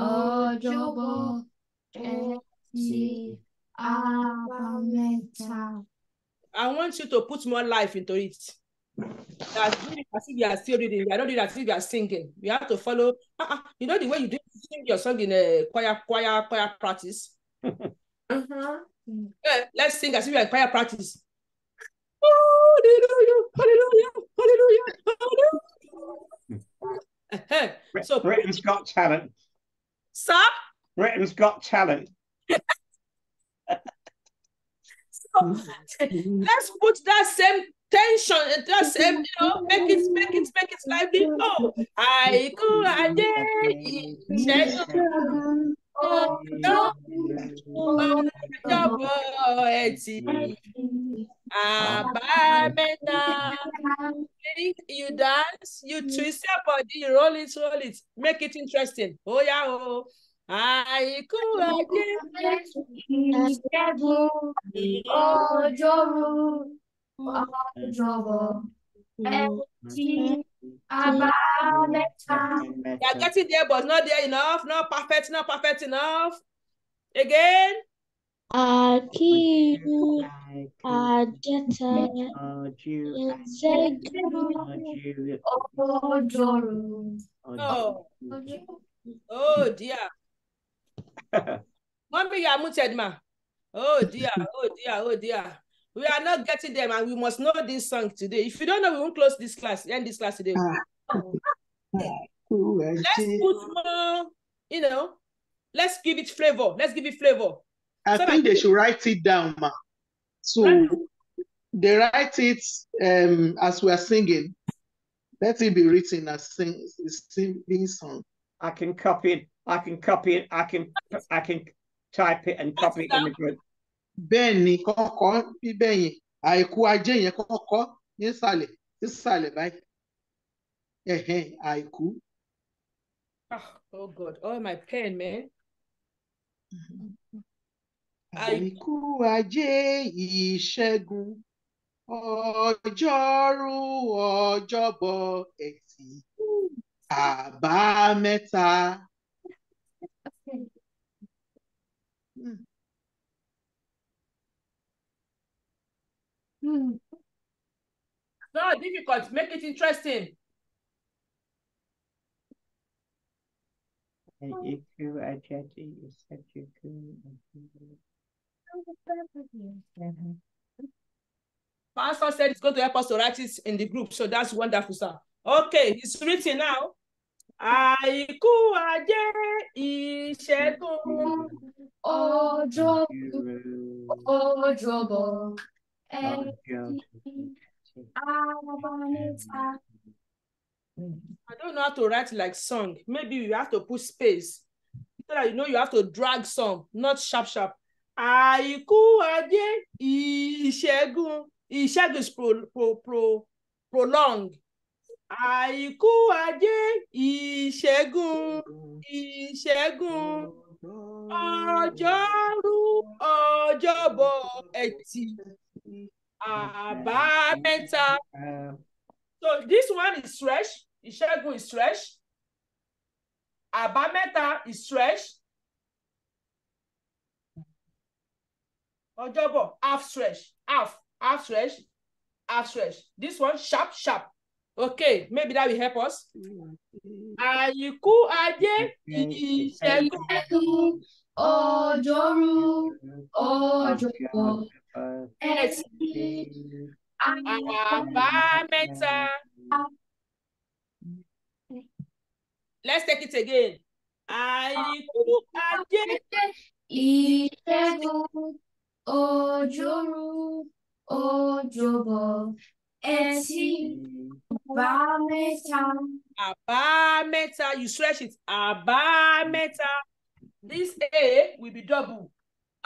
[SPEAKER 1] ojobo, eti, abameta.
[SPEAKER 2] I want you to put more life into it. That's as if you are still reading. You are not reading as if you are singing. You have to follow. Uh-uh. You know the way you do sing your song in a choir, choir, choir practice. uh-huh. yeah, let's sing as if we are in choir practice. Hallelujah! Hallelujah!
[SPEAKER 3] Hallelujah! Hallelujah! so Britain's got talent. Sir. Britain's got talent. so let's
[SPEAKER 2] put that same tension just you know make it make it make it lively oh I ajé ìṣẹ́gun ọjọ́ ọjọ́bọ̀ ẹtì àbámẹ́ta you dance you twist your body you roll it roll it make it interesting ó yá o. Oh, yeah, oh. Àìkú ajé ìṣẹ́gun
[SPEAKER 1] ọjọ́rú. Java. They are
[SPEAKER 2] getting there, but not there enough, not perfect, not perfect enough. Again.
[SPEAKER 1] Akiru Ajata Ezeguru Ojoro.
[SPEAKER 2] Oh. Oh dear. Mommy, you are muted, ma. Oh dear, oh dear, oh dear. We are not getting them, and we must know this song today. If you don't know, we won't close this class, end this class today. Ah. let's put more, you know, let's give it flavor. Let's give it flavor.
[SPEAKER 6] I so think they should write it down, ma. So they write it um, as we are singing. Let it be written as sing, singing song. I can copy it. I can copy it. I can I can type it and copy it in the group. bẹ́ẹ̀ ni kọ́kọ́ bíbẹ̀ yẹn àìkú ajé yẹn kọ́kọ́ nísàlẹ̀ nísàlẹ̀ báyìí ẹ̀hẹ́n àìkú.
[SPEAKER 2] Ah, oh god All my pain, man.
[SPEAKER 6] àìkú ajé ìṣẹ́gun ọjọ́rú ọjọ́bọ̀ ẹtì àbámẹ́ta.
[SPEAKER 2] Hmm. Hmm. Not difficult. Make it interesting.
[SPEAKER 3] And hmm. if you are judging, you said you're mm-hmm.
[SPEAKER 2] Pastor said it's going to help us to write it in the group. So that's wonderful, sir. Okay, it's written now. Àìkú ajé ìṣẹ́gun. Ọjọ́ Ọjọ́bọ̀. I don't know how to write like song. Maybe you have to put space. So that you know you have to drag some, not sharp, sharp. Àìkú ajé ìṣẹ́gun ìṣẹ́gun is pro, pro, pro, prolong. Àìkú ajé ìṣẹ́gun ìṣẹ́gun ọjọ́rú ọjọ́bọ̀ eti. Abameta, um, So this one is stretch. Ìṣẹ́gun is stretch. Abameta is stretch. Ọjọ́bọ̀ half stretch half half stretch half stretch this one sharp sharp okay maybe that will help us. Àyíkú ajé ìṣẹ́gun.
[SPEAKER 1] Ọjọ́rú ọjọ́bọ̀ ẹ̀sìn
[SPEAKER 2] àbámẹ́ta. Let's take it again. Àìkú ajé. Ìṣẹ́gun
[SPEAKER 1] òjòrú
[SPEAKER 2] òjòbọ̀ ẹ̀sìn àbámẹ́ta. Àbámẹ́ta, you stretch it, àbámẹ́ta. This A will be double.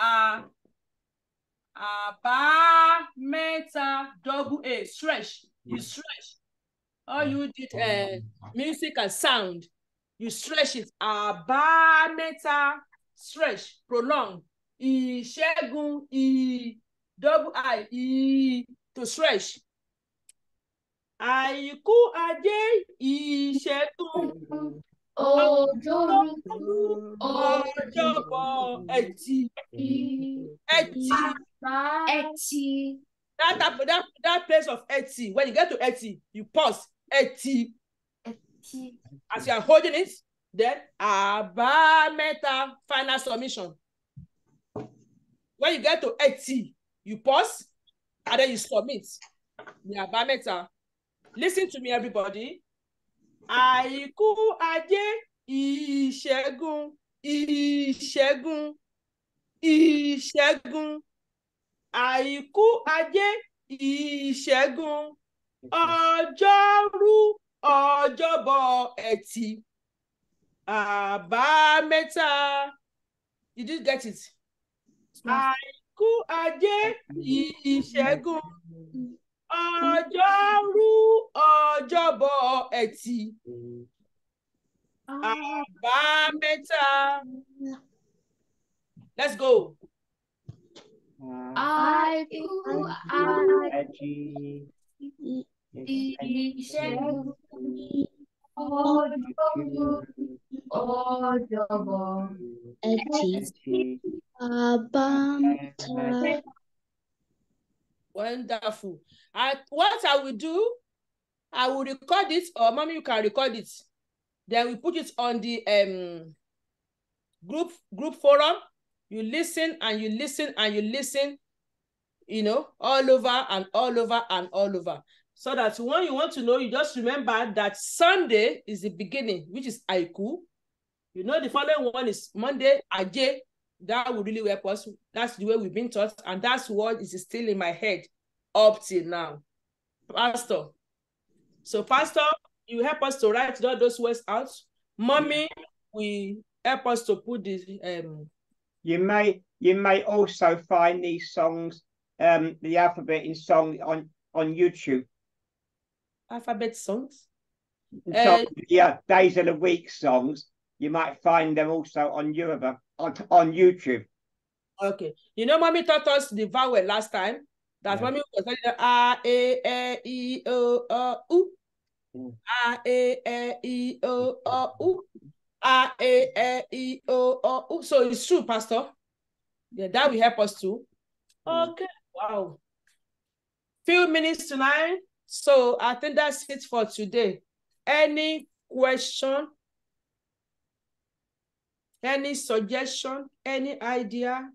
[SPEAKER 2] Uh, Abameta double A stretch. You hmm. stretch. All you did uh, ah, eh, music and sound. You stretch it. Abameta stretch. Prolong. shegun I double I I to stretch. shegun. Àìkú ajé ìṣẹ́gun. Ọjọ́rú Ọjọ́bọ̀ Ẹtì Ẹtì. Wow. That, that, that, that place of Eti, when you get to Eti, you pause. Eti. Eti. As you are holding it, then Abameta, final submission. When you get to Eti, you pause and then you submit. The Abameta. Listen to me, everybody. Àìkú ajé ìṣẹ́gun ìṣẹ́gun ìṣẹ́gun àìkú ajé ìṣẹ́gun ọjọ́rú ọjọ́bọ̀ ẹtì àbámẹ́ta you did get it àìkú ajé ìṣẹ́gun ọjọ́rú ọjọ́bọ̀ ẹtì àbámẹ́ta let's go. Al-Qur'an
[SPEAKER 1] iṣẹ́ ọjọ́bọ̀ ẹtì àbámẹ́ta.
[SPEAKER 2] Wonderful. I, what I will do, I will record it, or mommy, you can record it. Then we put it on the um, group group forum. You listen and you listen and you listen, you know, all over and all over and all over. So that when you want to know, you just remember that Sunday is the beginning, which is Aiku. You know, the following one is Monday, Ajay. That would really help us. That's the way we've been taught. And that's what is still in my head up till now. Pastor. So, Pastor, you help us to write all those words out. Mommy, we help us to put this um
[SPEAKER 3] you may you may also find these songs, um, the alphabet in song on on YouTube. Alphabet songs. So, uh, yeah, days of the week songs. You might find them also on Yoruba uh, on, on YouTube.
[SPEAKER 2] Okay, you know, mommy taught us the vowel last time. That's yeah. mommy was telling the a a a e o o u. A mm. a a e o o u. R A L E O O. so it's true, Pastor. Yeah, that will help us too. Hmm. Okay, wow. Few minutes to nine. So I think that's it for today. Any question? Any suggestion? Any idea?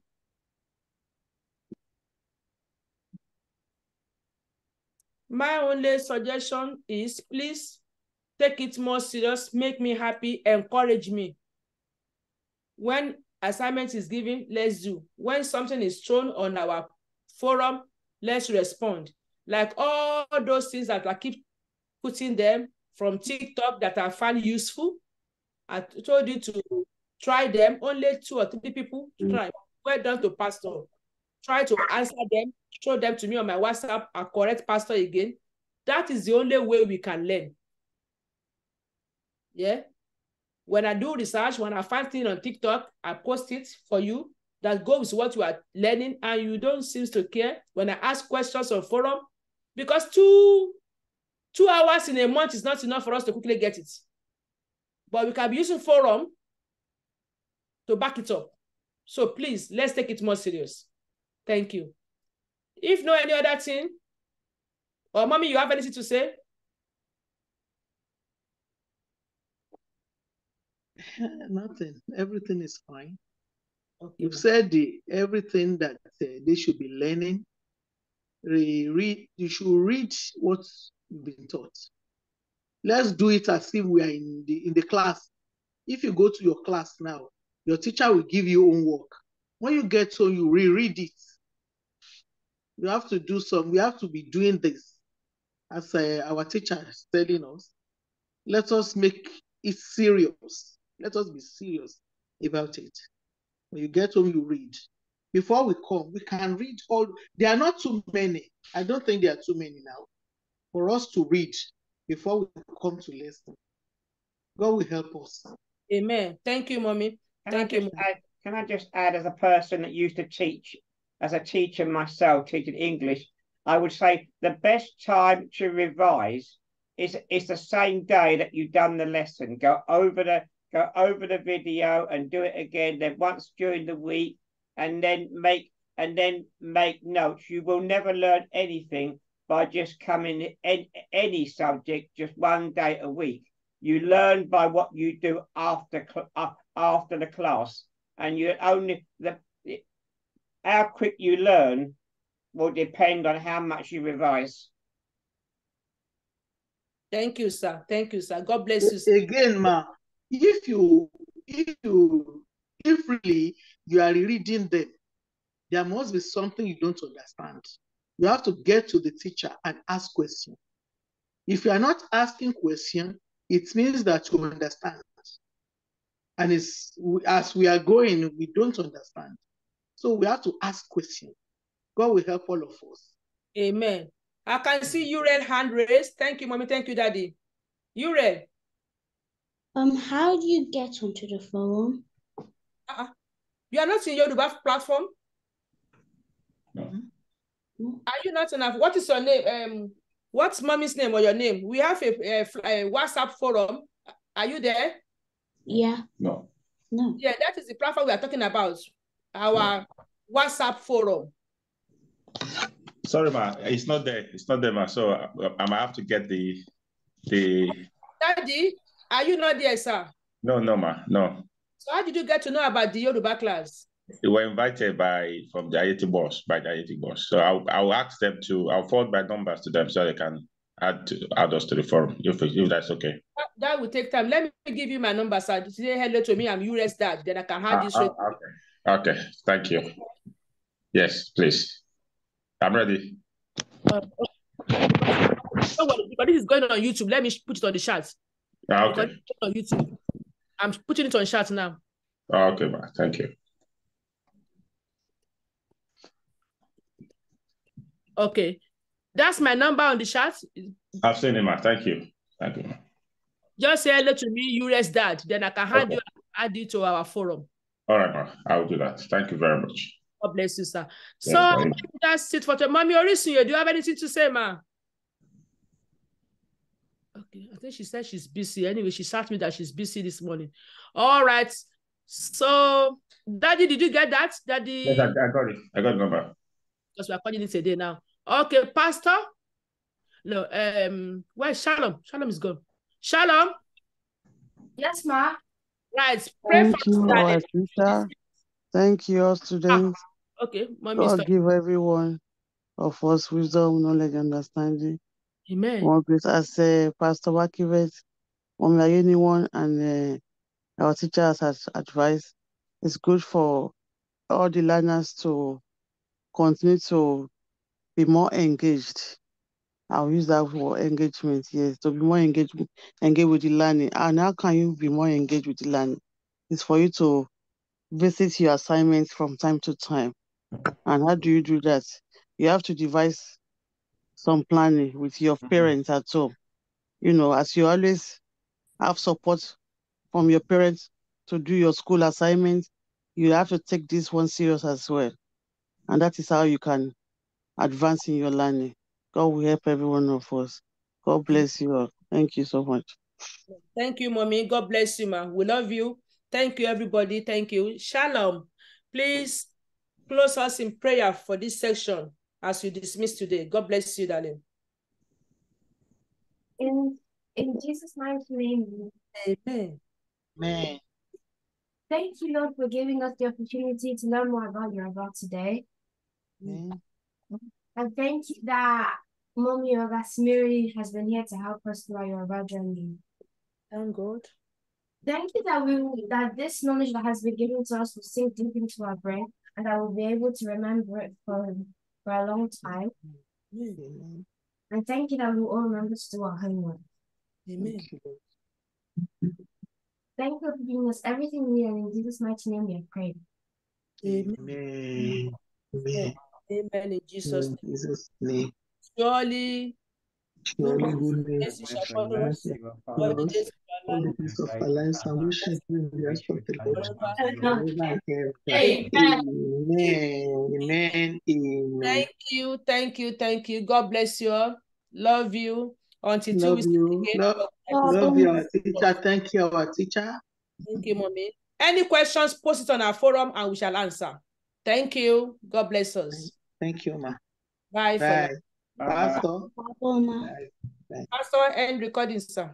[SPEAKER 2] My only suggestion is please take it more serious, make me happy, encourage me. When assignment is given, let's do. When something is thrown on our forum, let's respond. Like all those things that I keep putting them from TikTok that I find useful, I told you to try them. Only two or three people mm. try. Well done to Pastor. Try to answer them, show them to me on my WhatsApp, I correct Pastor again. That is the only way we can learn. Yeah. When I do research, when I find things on TikTok, I post it for you that goes what you are learning and you don't seem to care when I ask questions on forum because two, two hours in a month is not enough for us to quickly get it. But we can be using forum to back it up. So please, let's take it more serious. Thank you. If no any other thing, or mommy, you have anything to say?
[SPEAKER 6] Nothing. Everything is fine. Okay. You've said the, everything that uh, they should be learning. Re-read. You should read what's been taught. Let's do it as if we are in the in the class. If you go to your class now, your teacher will give you homework. When you get home, you reread it. You have to do some. We have to be doing this, as uh, our teacher is telling us. Let us make it serious let us be serious about it. When you get home, you read. Before we come, we can read all. There are not too many. I don't think there are too many now for us to read before we come to lesson.
[SPEAKER 3] God will help us. Amen. Thank you, mommy. Can Thank you. Add, can I just add, as a person that used to teach, as a teacher myself, teaching English, I would say the best time to revise is is the same day that you've done the lesson. Go over the go over the video and do it again, then once during the week, and then make and then make notes. You will never learn anything by just coming in any subject just one day a week. You learn by what you do after uh, after the class, and you only the how quick you learn will depend on how much you revise. Thank you, sir. Thank you, sir. God
[SPEAKER 2] bless you. Sir.
[SPEAKER 6] Again, ma, if you if you if really you are reading them there must be something you don't understand you have to get to the teacher and ask questions if you are not asking questions it means that you understand and it's as we are going we don't
[SPEAKER 2] understand so we have to ask questions god will help all of us amen i can see you red hand raised thank you mommy thank you daddy you red
[SPEAKER 1] um, how do you get onto the forum?
[SPEAKER 2] Uh-uh. You are not in Yoruba platform. No. Mm-hmm. Are you not enough? What is your name? Um, what's mommy's name or your name? We have a, a, a WhatsApp forum. Are you there? Yeah. No. No. Yeah, that is the platform we are talking about. Our no. WhatsApp forum.
[SPEAKER 4] Sorry, ma. It's not there. It's not there, ma. So uh, I, I have to get the the.
[SPEAKER 2] Daddy, are you not there, sir?
[SPEAKER 4] No, no, ma, no.
[SPEAKER 2] So how did you get to know about the Yoruba class?
[SPEAKER 4] We were invited by from the IET boss, by the IET boss. So I'll, I'll ask them to, I'll forward my numbers to them so they can add to, add us to the forum if, if that's okay. That,
[SPEAKER 2] that, will take time. Let me give you my number, sir. Say hello to me. I'm US Dad. Then I can have ah, this. Ah,
[SPEAKER 4] okay. okay. Thank you. Yes, please. I'm ready.
[SPEAKER 2] Um, okay. Don't worry, but this is going on YouTube. Let me put it on the chat. Ah, okay. On YouTube. I'm putting it on chat now.
[SPEAKER 4] Ah, okay, ma. Thank you.
[SPEAKER 2] Okay. That's my number on the chat.
[SPEAKER 4] I've seen it, ma. Thank you. Thank you, ma.
[SPEAKER 2] Just say hello to me, US Dad. Then I can hand okay. you, add you to our forum.
[SPEAKER 4] All right, ma. I'll do that. Thank you very much.
[SPEAKER 2] God bless you, sir. so that's it for today. Mommy Orisun, do you have anything to say, ma? I think she said she's busy. Anyway, she sat me that she's busy this morning. All right. So, Daddy, did you get that? Daddy? Yes, I, I
[SPEAKER 4] got it. I got the number.
[SPEAKER 2] Because we're calling it today now. Okay, Pastor. No, um, where's Shalom? Shalom is gone. Shalom. Yes, ma. Right. Pray Thank for you, our
[SPEAKER 5] sister. Thank you, all students.
[SPEAKER 2] Ah, okay, mommy. God give
[SPEAKER 5] everyone of us wisdom, knowledge, understanding Amen. More grace. As uh, Pastor Wakivet, Omla Anyone, and uh, our teachers has advised, it's good for all the learners to continue to be more engaged. I'll use that for engagement, yes, to be more engaged, engaged with the learning. And how can you be more engaged with the learning? It's for you to visit your assignments from time to time. And how do you do that? You have to devise some planning with your mm-hmm. parents at home. You know, as you always have support from your parents to do your school assignments, you have to take this one serious as well. And that is how you can advance in your learning. God will help every one of us. God bless you all. Thank you so much.
[SPEAKER 2] Thank you, mommy. God bless you, ma. We love you. Thank you, everybody. Thank you. Shalom. Please close us in prayer for this section as you dismiss today. God bless you, darling.
[SPEAKER 1] In, in Jesus' mighty name. Amen. Amen. Thank you, Lord, for giving us the opportunity to learn more about your God today. Amen. And thank you that Mommy of Asmiri has been here to help us through our Yoruba journey. Thank God. Thank you that we that this knowledge that has been given to us will sink deep into our brain and that we'll be able to remember it for for a long time. Amen. And thank you that we all remember to do our homework. Amen. Thank you for giving us everything we need, and in Jesus' mighty name we have prayed.
[SPEAKER 6] Amen. Amen.
[SPEAKER 2] Amen. In Jesus' name.
[SPEAKER 6] Jesus name.
[SPEAKER 2] Surely,
[SPEAKER 6] surely goodness shall follow us
[SPEAKER 2] the peace of alliance and the rest of the Amen. Amen. Amen. Thank you. Thank you. Thank you. God bless you all. Love you. Until love two again. Love, love you, teacher.
[SPEAKER 6] Thank you, our teacher.
[SPEAKER 2] Thank you, mommy. Any questions, post it on our forum and we shall answer. Thank you. God bless us. Thank you, ma. Bye. Bye.
[SPEAKER 6] Pastor.
[SPEAKER 2] Bye. Pastor, end recording, sir.